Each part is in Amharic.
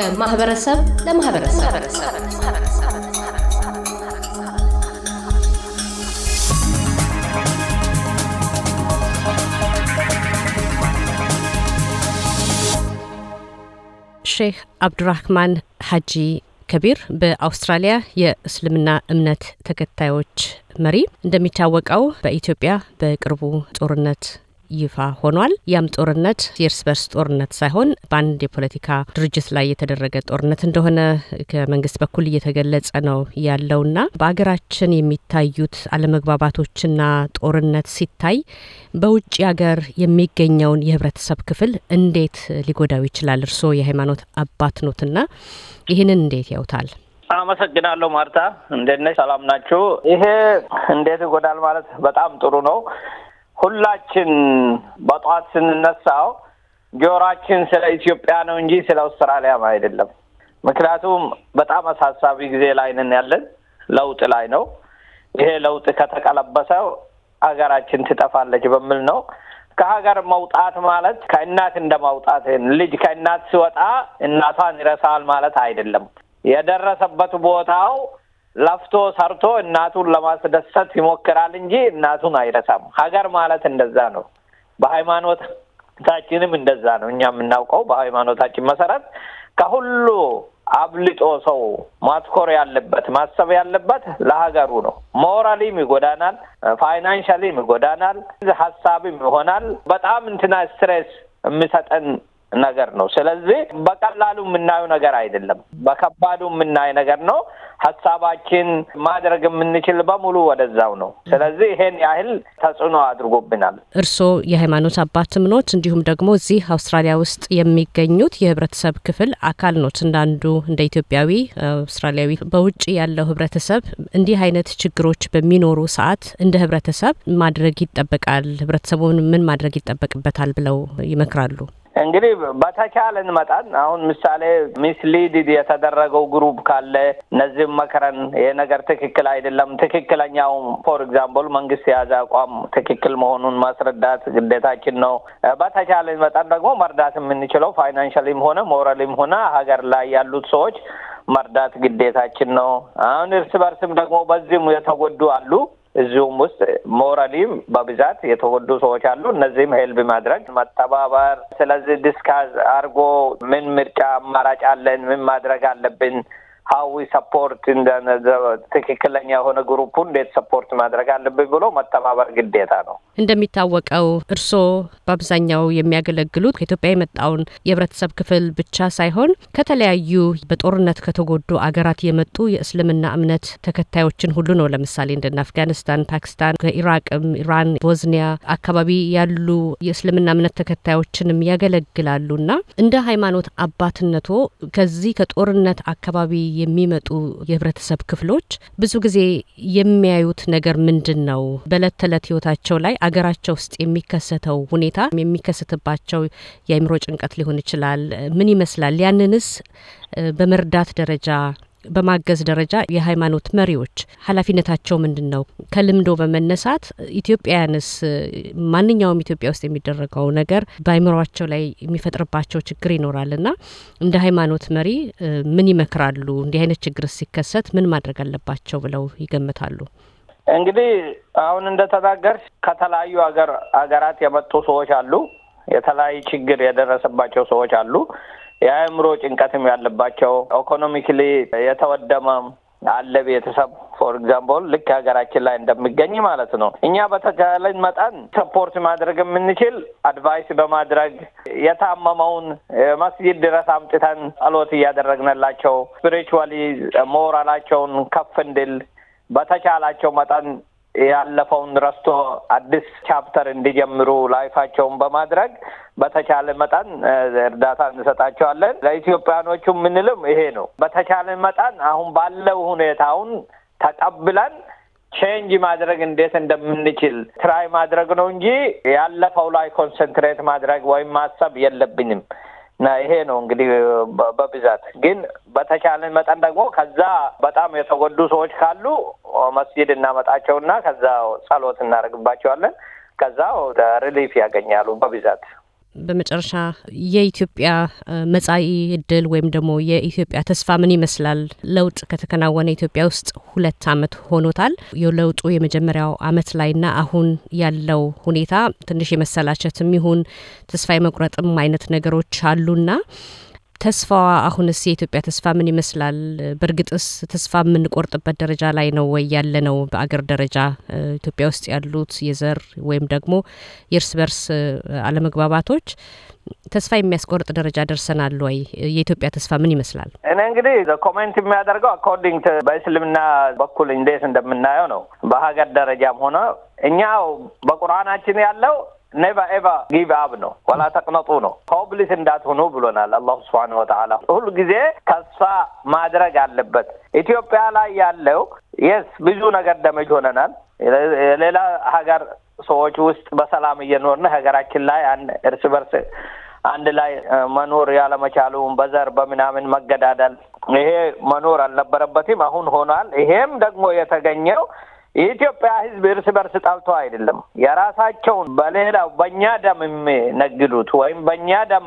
ከማህበረሰብ ለማህበረሰብ ሼህ አብዱራህማን ሀጂ ከቢር በአውስትራሊያ የእስልምና እምነት ተከታዮች መሪ። እንደሚታወቀው በኢትዮጵያ በቅርቡ ጦርነት ይፋ ሆኗል። ያም ጦርነት የእርስ በርስ ጦርነት ሳይሆን በአንድ የፖለቲካ ድርጅት ላይ የተደረገ ጦርነት እንደሆነ ከመንግስት በኩል እየተገለጸ ነው ያለውና በሀገራችን የሚታዩት አለመግባባቶችና ጦርነት ሲታይ በውጭ ሀገር የሚገኘውን የህብረተሰብ ክፍል እንዴት ሊጎዳው ይችላል? እርስዎ የሃይማኖት አባት ኖትና ይህንን እንዴት ያውታል? አመሰግናለሁ ማርታ፣ እንዴት ነሽ? ሰላም ናችሁ? ይሄ እንዴት ይጎዳል ማለት በጣም ጥሩ ነው። ሁላችን በጠዋት ስንነሳው ጆሯችን ስለ ኢትዮጵያ ነው እንጂ ስለ አውስትራሊያም አይደለም። ምክንያቱም በጣም አሳሳቢ ጊዜ ላይ ነን ያለን፣ ለውጥ ላይ ነው። ይሄ ለውጥ ከተቀለበሰው ሀገራችን ትጠፋለች በሚል ነው። ከሀገር መውጣት ማለት ከእናት እንደ ማውጣት ልጅ ከእናት ሲወጣ እናቷን ይረሳል ማለት አይደለም። የደረሰበት ቦታው ለፍቶ ሰርቶ እናቱን ለማስደሰት ይሞክራል እንጂ እናቱን አይረሳም። ሀገር ማለት እንደዛ ነው። በሃይማኖታችንም እንደዛ ነው። እኛ የምናውቀው በሃይማኖታችን መሰረት ከሁሉ አብልጦ ሰው ማትኮር ያለበት ማሰብ ያለበት ለሀገሩ ነው። ሞራሊም ይጎዳናል፣ ፋይናንሻሊም ይጎዳናል፣ ሀሳብም ይሆናል። በጣም እንትና ስትሬስ የሚሰጠን ነገር ነው። ስለዚህ በቀላሉ የምናየው ነገር አይደለም፣ በከባዱ የምናየው ነገር ነው። ሀሳባችን ማድረግ የምንችል በሙሉ ወደዛው ነው። ስለዚህ ይሄን ያህል ተጽዕኖ አድርጎብናል። እርስዎ የሃይማኖት አባትም ኖት፣ እንዲሁም ደግሞ እዚህ አውስትራሊያ ውስጥ የሚገኙት የህብረተሰብ ክፍል አካል ኖት። እንዳንዱ እንደ ኢትዮጵያዊ አውስትራሊያዊ በውጭ ያለው ህብረተሰብ እንዲህ አይነት ችግሮች በሚኖሩ ሰዓት እንደ ህብረተሰብ ማድረግ ይጠበቃል፣ ህብረተሰቡን ምን ማድረግ ይጠበቅበታል ብለው ይመክራሉ? እንግዲህ በተቻለን መጠን አሁን ምሳሌ ሚስሊድ የተደረገው ግሩፕ ካለ እነዚህም መከረን ይሄ ነገር ትክክል አይደለም፣ ትክክለኛው ፎር ኤግዛምፕል መንግስት የያዘ አቋም ትክክል መሆኑን ማስረዳት ግዴታችን ነው። በተቻለን መጠን ደግሞ መርዳት የምንችለው ፋይናንሻሊም ሆነ ሞራሊም ሆነ ሀገር ላይ ያሉት ሰዎች መርዳት ግዴታችን ነው። አሁን እርስ በርስም ደግሞ በዚህም የተጎዱ አሉ። እዚሁም ውስጥ ሞራሊም በብዛት የተጎዱ ሰዎች አሉ። እነዚህም ሄልብ ማድረግ መተባበር፣ ስለዚህ ዲስካዝ አርጎ ምን ምርጫ አማራጭ አለን፣ ምን ማድረግ አለብን ሀዊ ሰፖርት ትክክለኛ የሆነ ግሩፑ እንዴት ሰፖርት ማድረግ አለብኝ ብሎ መተባበር ግዴታ ነው። እንደሚታወቀው እርስዎ በአብዛኛው የሚያገለግሉት ከኢትዮጵያ የመጣውን የህብረተሰብ ክፍል ብቻ ሳይሆን ከተለያዩ በጦርነት ከተጎዱ አገራት የመጡ የእስልምና እምነት ተከታዮችን ሁሉ ነው። ለምሳሌ እንደነ አፍጋኒስታን፣ ፓኪስታን፣ ከኢራቅም ኢራን፣ ቦዝኒያ አካባቢ ያሉ የእስልምና እምነት ተከታዮችንም ያገለግላሉና እንደ ሃይማኖት አባትነቶ ከዚህ ከጦርነት አካባቢ የሚመጡ የህብረተሰብ ክፍሎች ብዙ ጊዜ የሚያዩት ነገር ምንድን ነው? በእለት ተዕለት ህይወታቸው ላይ አገራቸው ውስጥ የሚከሰተው ሁኔታ የሚከሰትባቸው የአይምሮ ጭንቀት ሊሆን ይችላል። ምን ይመስላል? ያንንስ በመርዳት ደረጃ በማገዝ ደረጃ የሃይማኖት መሪዎች ኃላፊነታቸው ምንድን ነው? ከልምዶ በመነሳት ኢትዮጵያውያንስ ማንኛውም ኢትዮጵያ ውስጥ የሚደረገው ነገር በአይምሯቸው ላይ የሚፈጥርባቸው ችግር ይኖራል እና እንደ ሃይማኖት መሪ ምን ይመክራሉ? እንዲህ አይነት ችግር ሲከሰት ምን ማድረግ አለባቸው ብለው ይገምታሉ? እንግዲህ አሁን እንደተናገር ከተለያዩ ሀገር ሀገራት የመጡ ሰዎች አሉ። የተለያዩ ችግር የደረሰባቸው ሰዎች አሉ። የአእምሮ ጭንቀትም ያለባቸው ኢኮኖሚክሊ የተወደመም አለ ቤተሰብ ፎር ኤግዛምፕል ልክ ሀገራችን ላይ እንደሚገኝ ማለት ነው። እኛ በተቻለን መጠን ሰፖርት ማድረግ የምንችል አድቫይስ በማድረግ የታመመውን መስጂድ ድረስ አምጥተን ጸሎት እያደረግንላቸው ስፒሪቹዋሊ ሞራላቸውን ከፍ እንድል በተቻላቸው መጠን ያለፈውን ረስቶ አዲስ ቻፕተር እንዲጀምሩ ላይፋቸውን በማድረግ በተቻለ መጠን እርዳታ እንሰጣቸዋለን። ለኢትዮጵያኖቹ የምንልም ይሄ ነው። በተቻለ መጠን አሁን ባለው ሁኔታውን ተቀብለን ቼንጅ ማድረግ እንዴት እንደምንችል ትራይ ማድረግ ነው እንጂ ያለፈው ላይ ኮንሰንትሬት ማድረግ ወይም ማሰብ የለብኝም። እና ይሄ ነው እንግዲህ በብዛት ግን በተቻለ መጠን ደግሞ ከዛ በጣም የተጎዱ ሰዎች ካሉ መስጂድ እናመጣቸውና ከዛ ጸሎት እናደርግባቸዋለን። ከዛ ሪሊፍ ያገኛሉ በብዛት በመጨረሻ የኢትዮጵያ መጻኢ እድል ወይም ደግሞ የኢትዮጵያ ተስፋ ምን ይመስላል? ለውጥ ከተከናወነ ኢትዮጵያ ውስጥ ሁለት አመት ሆኖታል። የለውጡ የመጀመሪያው አመት ላይና አሁን ያለው ሁኔታ ትንሽ የመሰላቸትም ይሁን ተስፋ የመቁረጥም አይነት ነገሮች አሉና ተስፋዋ አሁንስ የኢትዮጵያ ተስፋ ምን ይመስላል? በእርግጥስ ተስፋ የምንቆርጥበት ደረጃ ላይ ነው ወይ ያለ ነው? በአገር ደረጃ ኢትዮጵያ ውስጥ ያሉት የዘር ወይም ደግሞ የእርስ በርስ አለመግባባቶች ተስፋ የሚያስቆርጥ ደረጃ ደርሰናል ወይ? የኢትዮጵያ ተስፋ ምን ይመስላል? እኔ እንግዲህ ኮሜንት የሚያደርገው አኮርዲንግ በእስልምና በኩል እንዴት እንደምናየው ነው። በሀገር ደረጃም ሆነ እኛው በቁርአናችን ያለው ኔቨር ኤቨ ጊቭ አፕ ነው፣ ወላ ተቅነጡ ነው። ሆፕሊስ እንዳትሆኑ ብሎናል አላሁ ስብሓን ወተላ ሁሉ ጊዜ ተስፋ ማድረግ አለበት። ኢትዮጵያ ላይ ያለው የስ ብዙ ነገር ደመጅ ሆነናል። ሌላ ሀገር ሰዎች ውስጥ በሰላም እየኖርን ሀገራችን ላይ እርስ በርስ አንድ ላይ መኖር ያለመቻሉ በዘር በምናምን መገዳደል ይሄ መኖር አልነበረበትም። አሁን ሆኗል። ይሄም ደግሞ የተገኘው የኢትዮጵያ ህዝብ እርስ በርስ ጣልቶ አይደለም። የራሳቸውን በሌላው በእኛ ደም የሚነግዱት ወይም በእኛ ደም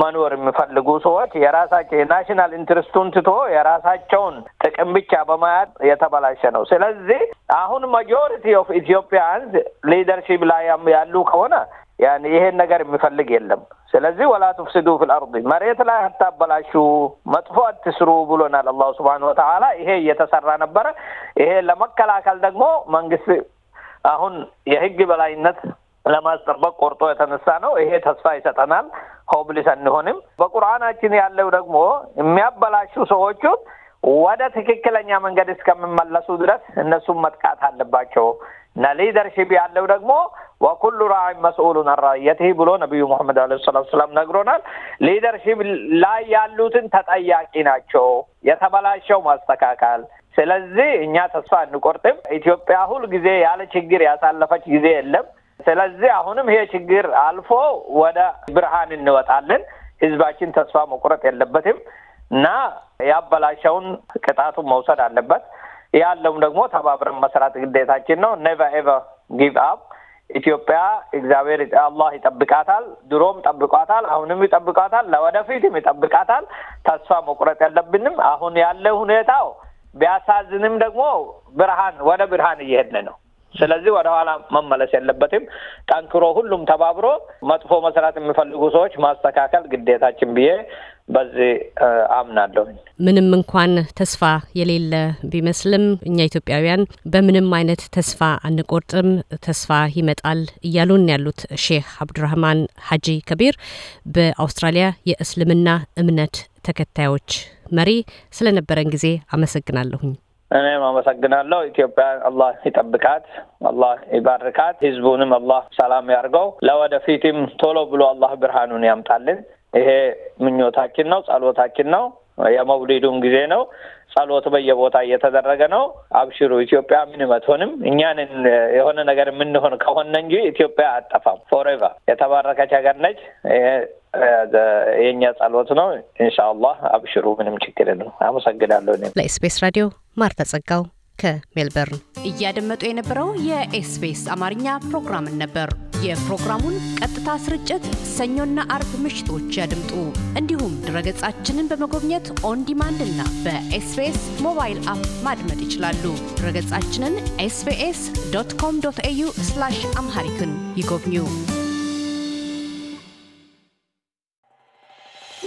መኖር የሚፈልጉ ሰዎች የራሳቸው የናሽናል ኢንትረስቱን ትቶ የራሳቸውን ጥቅም ብቻ በማያት የተበላሸ ነው። ስለዚህ አሁን ማጆሪቲ ኦፍ ኢትዮጵያንስ ሊደርሺፕ ላይ ያሉ ከሆነ ያን ይሄን ነገር የሚፈልግ የለም። ስለዚህ ወላ ትፍስዱ ፊል አርድ መሬት ላይ አታበላሹ፣ መጥፎ አትስሩ ብሎናል አላሁ ስብሓነሁ ወተላ ይሄ እየተሰራ ነበረ። ይሄ ለመከላከል ደግሞ መንግስት አሁን የህግ በላይነት ለማስጠበቅ ቆርጦ የተነሳ ነው። ይሄ ተስፋ ይሰጠናል። ሆብሊስ አንሆንም። በቁርአናችን ያለው ደግሞ የሚያበላሹ ሰዎቹ ወደ ትክክለኛ መንገድ እስከምመለሱ ድረስ እነሱም መጥቃት አለባቸው። እና ሊደርሽፕ ያለው ደግሞ ወኩሉ ራዕን መስኡሉን አራየትህ ብሎ ነቢዩ ሙሐመድ አለ ሰላት ሰላም ነግሮናል። ሊደርሽፕ ላይ ያሉትን ተጠያቂ ናቸው የተበላሸው ማስተካከል። ስለዚህ እኛ ተስፋ እንቆርጥም። ኢትዮጵያ ሁል ጊዜ ያለ ችግር ያሳለፈች ጊዜ የለም። ስለዚህ አሁንም ይሄ ችግር አልፎ ወደ ብርሃን እንወጣለን። ህዝባችን ተስፋ መቁረጥ የለበትም እና ያበላሸውን ቅጣቱን መውሰድ አለበት። ያለውም ደግሞ ተባብረን መስራት ግዴታችን ነው። ኔቨ ኤቨር ጊቭ አፕ። ኢትዮጵያ እግዚአብሔር አላህ ይጠብቃታል። ድሮም ጠብቋታል፣ አሁንም ይጠብቋታል፣ ለወደፊትም ይጠብቃታል። ተስፋ መቁረጥ የለብንም። አሁን ያለ ሁኔታው ቢያሳዝንም ደግሞ ብርሃን ወደ ብርሃን እየሄድን ነው። ስለዚህ ወደኋላ መመለስ የለበትም። ጠንክሮ ሁሉም ተባብሮ መጥፎ መስራት የሚፈልጉ ሰዎች ማስተካከል ግዴታችን ብዬ በዚህ አምናለሁ። ምንም እንኳን ተስፋ የሌለ ቢመስልም እኛ ኢትዮጵያውያን በምንም አይነት ተስፋ አንቆርጥም፣ ተስፋ ይመጣል እያሉን ያሉት ሼህ አብዱራህማን ሀጂ ከቢር በአውስትራሊያ የእስልምና እምነት ተከታዮች መሪ ስለነበረን ጊዜ አመሰግናለሁኝ። እኔም አመሰግናለሁ። ኢትዮጵያን አላህ ይጠብቃት፣ አላህ ይባርካት፣ ህዝቡንም አላህ ሰላም ያርገው። ለወደፊትም ቶሎ ብሎ አላህ ብርሃኑን ያምጣልን። ይሄ ምኞታችን ነው፣ ጸሎታችን ነው። የመውሊዱም ጊዜ ነው። ጸሎት በየቦታ እየተደረገ ነው። አብሽሩ ኢትዮጵያ ምንም አትሆንም። እኛንን የሆነ ነገር የምንሆን ከሆነ እንጂ ኢትዮጵያ አጠፋም። ፎሬቨር የተባረከች ሀገር ነች። የእኛ ጸሎት ነው። ኢንሻአላህ አብሽሩ፣ ምንም ችግር ነው። አመሰግናለሁ። እኔም ለኤስቢኤስ ራዲዮ ማርታ ጸጋው ከሜልበርን እያደመጡ የነበረው የኤስቢኤስ አማርኛ ፕሮግራምን ነበር። የፕሮግራሙን ቀጥታ ስርጭት ሰኞና አርብ ምሽቶች ያድምጡ። እንዲሁም ድረገጻችንን በመጎብኘት ኦን ዲማንድ እና በኤስቢኤስ ሞባይል አፕ ማድመጥ ይችላሉ። ድረገጻችንን ኤስቢኤስ ዶት ኮም ዶት ኤዩ አምሃሪክን ይጎብኙ።